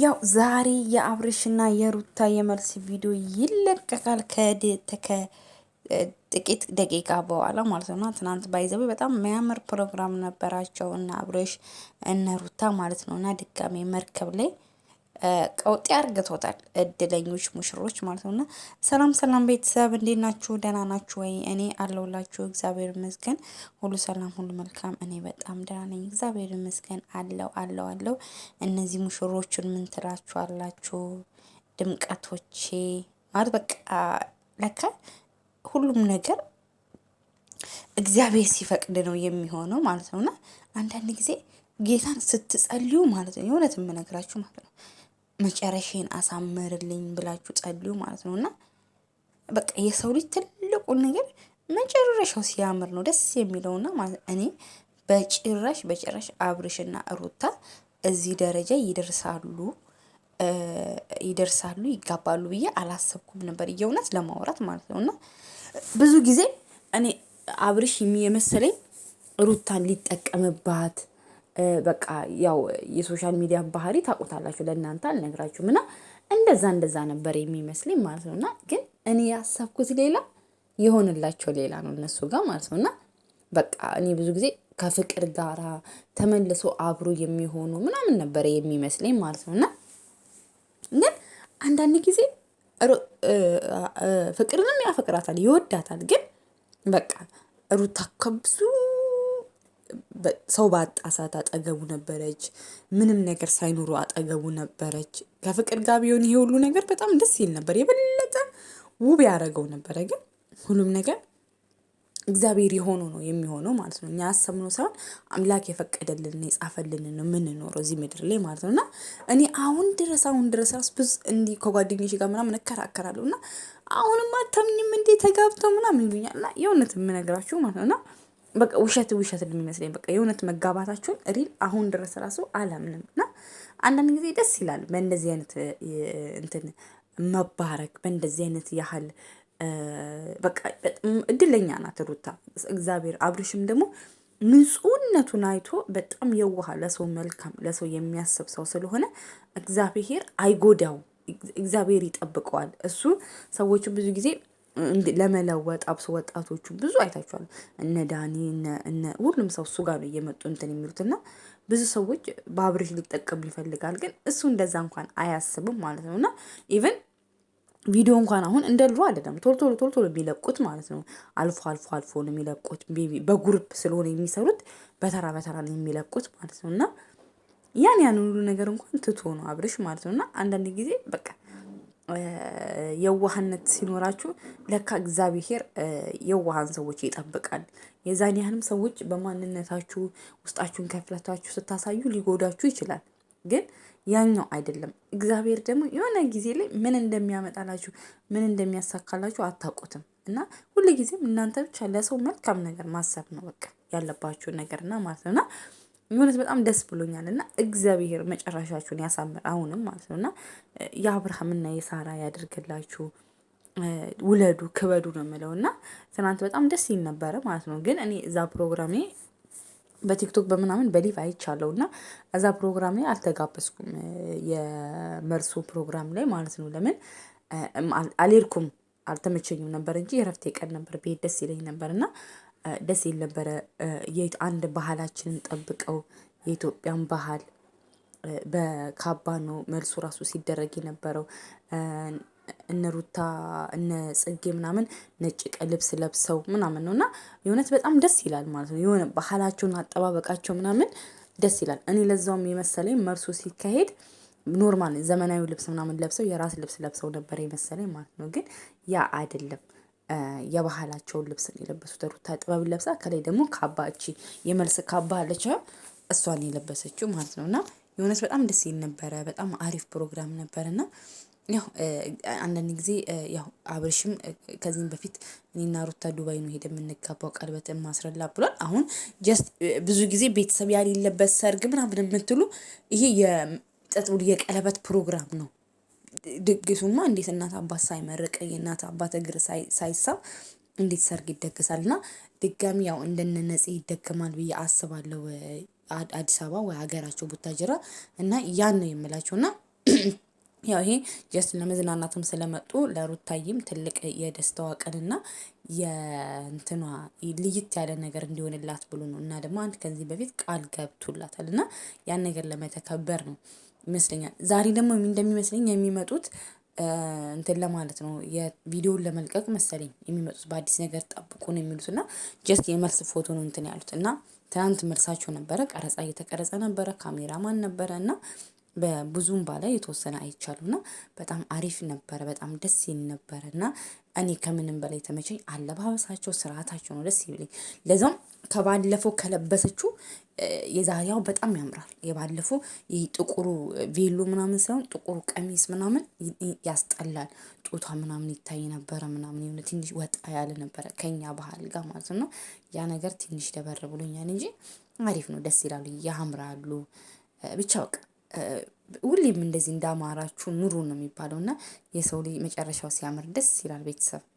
ያው ዛሬ የአብርሽና የሩታ የመልስ ቪዲዮ ይለቀቃል ከጥቂት ደቂቃ በኋላ ማለት ነውና ትናንት ባይዘቤ በጣም የሚያምር ፕሮግራም ነበራቸው እና አብርሽ እነ ሩታ ማለት ነውና ድጋሜ መርከብ ላይ ቀውጤ አርግቶታል። እድለኞች ሙሽሮች ማለት ነውና፣ ሰላም ሰላም ቤተሰብ እንዴት ናችሁ? ደህና ናችሁ ወይ? እኔ አለሁላችሁ። እግዚአብሔር ይመስገን፣ ሁሉ ሰላም፣ ሁሉ መልካም። እኔ በጣም ደህና ነኝ፣ እግዚአብሔር ይመስገን። አለው አለው አለው። እነዚህ ሙሽሮቹን ምን ትላችኋላችሁ? ድምቀቶቼ ማለት በቃ ለካ ሁሉም ነገር እግዚአብሔር ሲፈቅድ ነው የሚሆነው ማለት ነውና አንዳንድ ጊዜ ጌታን ስትጸልዩ ማለት ነው የእውነት የምነግራችሁ ማለት ነው መጨረሻን አሳምርልኝ ብላችሁ ጸልዩ ማለት ነው። እና በቃ የሰው ልጅ ትልቁን ነገር መጨረሻው ሲያምር ነው ደስ የሚለውና እኔ በጭራሽ በጭራሽ አብርሽና ሩታ እዚህ ደረጃ ይደርሳሉ ይደርሳሉ ይጋባሉ ብዬ አላሰብኩም ነበር፣ እየእውነት ለማውራት ማለት ነው። እና ብዙ ጊዜ እኔ አብርሽ የመሰለኝ ሩታን ሊጠቀምባት በቃ ያው የሶሻል ሚዲያ ባህሪ ታውቁታላችሁ። ለእናንተ አልነግራችሁም እና እንደዛ እንደዛ ነበር የሚመስለኝ ማለት ነው። እና ግን እኔ ያሰብኩት ሌላ የሆንላቸው ሌላ ነው እነሱ ጋር ማለት ነው። እና በቃ እኔ ብዙ ጊዜ ከፍቅር ጋራ ተመልሶ አብሮ የሚሆኑ ምናምን ነበረ የሚመስለኝ ማለት ነው። እና ግን አንዳንድ ጊዜ ፍቅርንም ያፈቅራታል፣ ይወዳታል። ግን በቃ ሩታ ከብዙ ሰው ባጣ ሰዓት አጠገቡ ነበረች። ምንም ነገር ሳይኖሩ አጠገቡ ነበረች። ከፍቅር ጋር ቢሆን ይሄ ሁሉ ነገር በጣም ደስ ይል ነበር፣ የበለጠ ውብ ያደረገው ነበረ። ግን ሁሉም ነገር እግዚአብሔር የሆኑ ነው የሚሆነው ማለት ነው። እኛ ያሰብነው ሳይሆን አምላክ የፈቀደልን የጻፈልን ነው የምንኖረው እዚህ ምድር ላይ ማለት ነው። እና እኔ አሁን ድረስ አሁን ድረስ ራስ ብዙ እንዲህ ከጓደኞች ጋር ምናምን እከራከራለሁ እና አሁንም አታምኝም እንዴ ተጋብተው ምናምን ይሉኛል። እና የእውነት የምነግራችሁ ማለት ነው እና በቃ ውሸት ውሸት እንደሚመስለኝ በቃ የእውነት መጋባታችሁን ሪል አሁን ድረስ ራሱ አላምንም። እና አንዳንድ ጊዜ ደስ ይላል በእንደዚህ አይነት እንትን መባረክ በእንደዚህ አይነት ያህል በቃ እድለኛ ናት ሩታ። እግዚአብሔር አብርሽም ደግሞ ንጹህነቱን አይቶ በጣም የዋህ ለሰው መልካም ለሰው የሚያስብ ሰው ስለሆነ እግዚአብሔር አይጎዳው፣ እግዚአብሔር ይጠብቀዋል። እሱ ሰዎቹ ብዙ ጊዜ ለመለወጥ አብሶ ወጣቶቹ ብዙ አይታችኋል። እነ ዳኒ እነ ሁሉም ሰው እሱ ጋር ነው እየመጡ እንትን የሚሉት እና ብዙ ሰዎች በአብሬሽ ሊጠቀም ይፈልጋል፣ ግን እሱ እንደዛ እንኳን አያስብም ማለት ነው እና ኢቨን ቪዲዮ እንኳን አሁን እንደ ድሮ አይደለም። ቶሎ ቶሎ ቶሎ ቶሎ የሚለቁት ማለት ነው። አልፎ አልፎ አልፎ ነው የሚለቁት። በጉርብ ስለሆነ የሚሰሩት በተራ በተራ ነው የሚለቁት ማለት ነው እና ያን ያን ሁሉ ነገር እንኳን ትቶ ነው አብርሽ ማለት ነው እና አንዳንድ ጊዜ በቃ የዋህነት ሲኖራችሁ ለካ እግዚአብሔር የዋሃን ሰዎች ይጠብቃል። የዛን ያህልም ሰዎች በማንነታችሁ ውስጣችሁን ከፍለታችሁ ስታሳዩ ሊጎዳችሁ ይችላል። ግን ያኛው አይደለም። እግዚአብሔር ደግሞ የሆነ ጊዜ ላይ ምን እንደሚያመጣላችሁ ምን እንደሚያሳካላችሁ አታውቁትም። እና ጊዜም እናንተ ብቻ ለሰው መልካም ነገር ማሰብ ነው በቃ ያለባችሁ ነገርና ማለት ነው። የሆነት በጣም ደስ ብሎኛል እና እግዚአብሔር መጨረሻችሁን ያሳምር አሁንም ማለት ነው እና የአብርሃምና የሳራ ያድርግላችሁ ውለዱ ክበዱ ነው የምለው እና ትናንት በጣም ደስ ይል ነበረ ማለት ነው። ግን እኔ እዛ ፕሮግራሜ በቲክቶክ በምናምን በሊቭ አይቻለው እና እዛ ፕሮግራም ላይ አልተጋበዝኩም። የመርሶ ፕሮግራም ላይ ማለት ነው። ለምን አልሄድኩም? አልተመቸኝም ነበር እንጂ የረፍቴ ቀን ነበር ቤት ደስ ይለኝ ነበር እና ደስ ይል ነበረ። አንድ ባህላችንን ጠብቀው የኢትዮጵያን ባህል በካባ ነው መልሱ ራሱ ሲደረግ የነበረው። እነ ሩታ እነ ጽጌ ምናምን ነጭ ልብስ ለብሰው ምናምን ነው እና የእውነት በጣም ደስ ይላል ማለት ነው። የሆነ ባህላቸውን አጠባበቃቸው ምናምን ደስ ይላል። እኔ ለዛውም የመሰለኝ መርሱ ሲካሄድ ኖርማል ዘመናዊ ልብስ ምናምን ለብሰው የራስ ልብስ ለብሰው ነበር የመሰለኝ ማለት ነው። ግን ያ አይደለም። የባህላቸውን ልብስ ነው የለበሱት። ሩታ ጥበብ ለብሳ ከላይ ደግሞ ካባ እቺ የመልስ ካባ አለች እሷን የለበሰችው ማለት ነው። እና የሆነች በጣም ደስ ይል ነበረ። በጣም አሪፍ ፕሮግራም ነበር እና ያው አንዳንድ ጊዜ ያው አብርሽም ከዚህም በፊት እኔና ሩታ ዱባይ ነው ሄደ የምንጋባው ቀለበት ማስረላ ብሏል። አሁን ጀስት ብዙ ጊዜ ቤተሰብ ያሌለበት ሰርግ ምናምን የምትሉ ይሄ የቀለበት ፕሮግራም ነው። ድግሱማ እንዴት እናት አባት ሳይመርቅ የእናት አባት እግር ሳይሳብ እንዴት ሰርግ ይደግሳል? እና ድጋሚ ያው እንደነ ነፂ ይደገማል ብዬ አስባለሁ። አዲስ አበባ ወይ ሀገራቸው ቡታጅራ እና ያን ነው የምላቸው እና ያው ይሄ ጀስት ለመዝናናትም ስለመጡ ለሩታይም ትልቅ የደስታዋ ቀንና የእንትኗ ልይት ያለ ነገር እንዲሆንላት ብሎ ነው እና ደግሞ አንድ ከዚህ በፊት ቃል ገብቶላታል እና ያን ነገር ለመተከበር ነው ይመስለኛል። ዛሬ ደግሞ እንደሚመስለኝ የሚመጡት እንትን ለማለት ነው የቪዲዮን ለመልቀቅ መሰለኝ የሚመጡት በአዲስ ነገር ጠብቁ ነው የሚሉት እና ጀስት የመልስ ፎቶ ነው እንትን ያሉት እና ትናንት መልሳቸው ነበረ። ቀረጻ እየተቀረጸ ነበረ። ካሜራማን ነበረ እና በብዙም ባለ የተወሰነ አይቻሉና በጣም አሪፍ ነበረ። በጣም ደስ ይል ነበረ እና እኔ ከምንም በላይ ተመቸኝ አለባበሳቸው፣ ስርዓታቸው ነው ደስ ይብለኝ። ለዛም ከባለፈው ከለበሰችው የዛሬያው በጣም ያምራል። የባለፈው ይህ ጥቁሩ ቬሎ ምናምን ሳይሆን ጥቁሩ ቀሚስ ምናምን ያስጠላል። ጡቷ ምናምን ይታይ ነበረ ምናምን የሆነ ትንሽ ወጣ ያለ ነበረ ከኛ ባህል ጋር ማለት ነው። ያ ነገር ትንሽ ደበር ብሎኛል እንጂ አሪፍ ነው፣ ደስ ይላሉ፣ ያምራሉ ብቻ በቃ ሁሌም እንደዚህ እንዳማራችሁ ኑሩ ነው የሚባለው እና የሰው ልጅ መጨረሻው ሲያምር ደስ ይላል ቤተሰብ